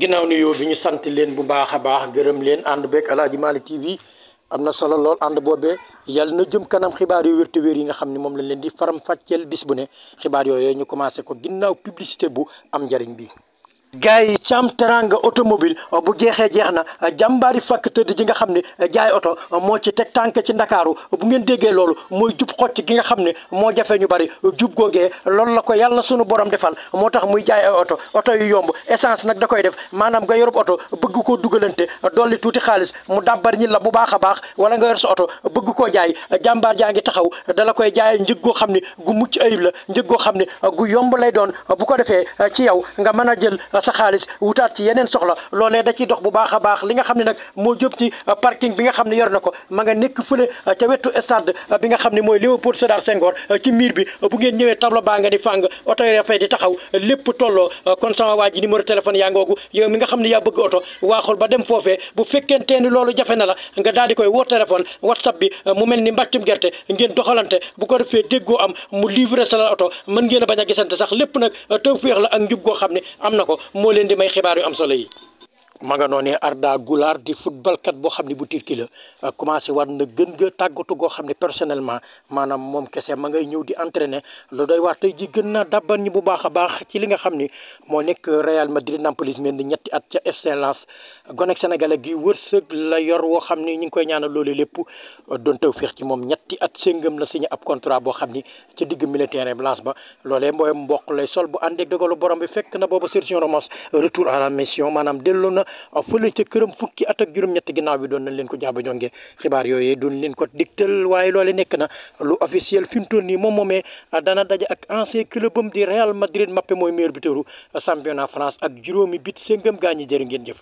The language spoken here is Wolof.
ginnaaw ni yow bi ñu sant leen bu baaxa a baax gërëm leen ànd beeg Aladji Malick TV am na solo lool ànd boobee yàlla na jëm kanam xibaar yu wér wér yi nga xam ne moom lañ leen di faram fàcceel bis bu ne xibaar yooyu ñu commencé ko ginnaaw publicité bu am njariñ bi gars yi Thiam Teranga automobile uh, bu jeexee jeex na uh, jàmbaari fàkk tëdd ji nga xam ne uh, jaay oto moo ci teg tànk ci ndakaaru bu ngeen déggee loolu mooy jub xocc gi nga xam ne moo jafee ñu bari jub googee loolu la ko yàlla sunu borom defal moo tax muy jaay oto oto yu yomb essance nag da koy def maanaam ga yorub oto bëgg koo dugalante dolli tuuti xaalis mu dàbbar ñi la bu baax a baax wala nga yor sa oto bëgg koo jaay jàmbaar jaa ngi taxaw dala koy jaay njëg goo xam ne gu mucc ayib la njëg xam ne gu yomb lay doon bu ko defee ci yow nga mën a jël sa xaalis wutaat ci yeneen soxla loolee da ciy dox bu baax a baax li nga xam ne nag moo jëm ci uh, parking bi nga xam ne yor na ko ma nga nekk fële uh, ca wetu stade uh, bi nga xam ne mooy Léopold Sédar Senghor ci miir bi bu ngeen ñëwee tableau baa nga ni fàng oto yi fay di taxaw lépp tolloo kon sama waa ji numéro téléphone yaa ngoogu yow mi nga xam ne yaa bëgg oto waaxul dem foofee bu fekkentee ni loolu jafe na la nga daal di koy woo téléphone whatsapp bi mu mel ni mbàccum gerte ngeen doxalante bu ko defee déggoo am mu livré sa la oto mën ngeen a bañ a gisante sax lépp nag tawféex la ak njub goo xam ne am na ko moo leen di may xibaar yu am solo yi ma nga noonee Arda Goulart di footballkat boo xam ne bu Turquie la commencé waat na gën nga tàggatu goo xam ne personnellement maanaam moom kese ma ngay ñëw di entraîner lu doy waar tey ji gën naa dabban ñi bu baax a baax ci li nga xam ni moo nekk Real Madrid Nampalys Mendy ñetti at ca FC Lens gonek sénégalais gi wërsëg la yor woo xam ni ñu ngi koy ñaanal loolu lépp doon taw féex ci moom ñetti at séngam la signé ab contrat boo xam ni ci digg militaire Lens ba loolee mooy mboq lay sol bu àndeeg dogalu borom bi na booba Sergio Ramos retour à la mission maanaam delloo na Ah, fële ca këram fukki at ak juróom-ñett ginnaaw bi doon nañ leen ko jaaba jonge xibaar yooyu doon leen ko digtal waaye loole nekk na lu officiel fi mu toll nii moom moomee ah, dana daje ak ancien clubam di Real Madrid Mbappé mooy meilleur buteuru ah, championnat France ak juróomi bit séngam gaa ñi jërë ngeen jëf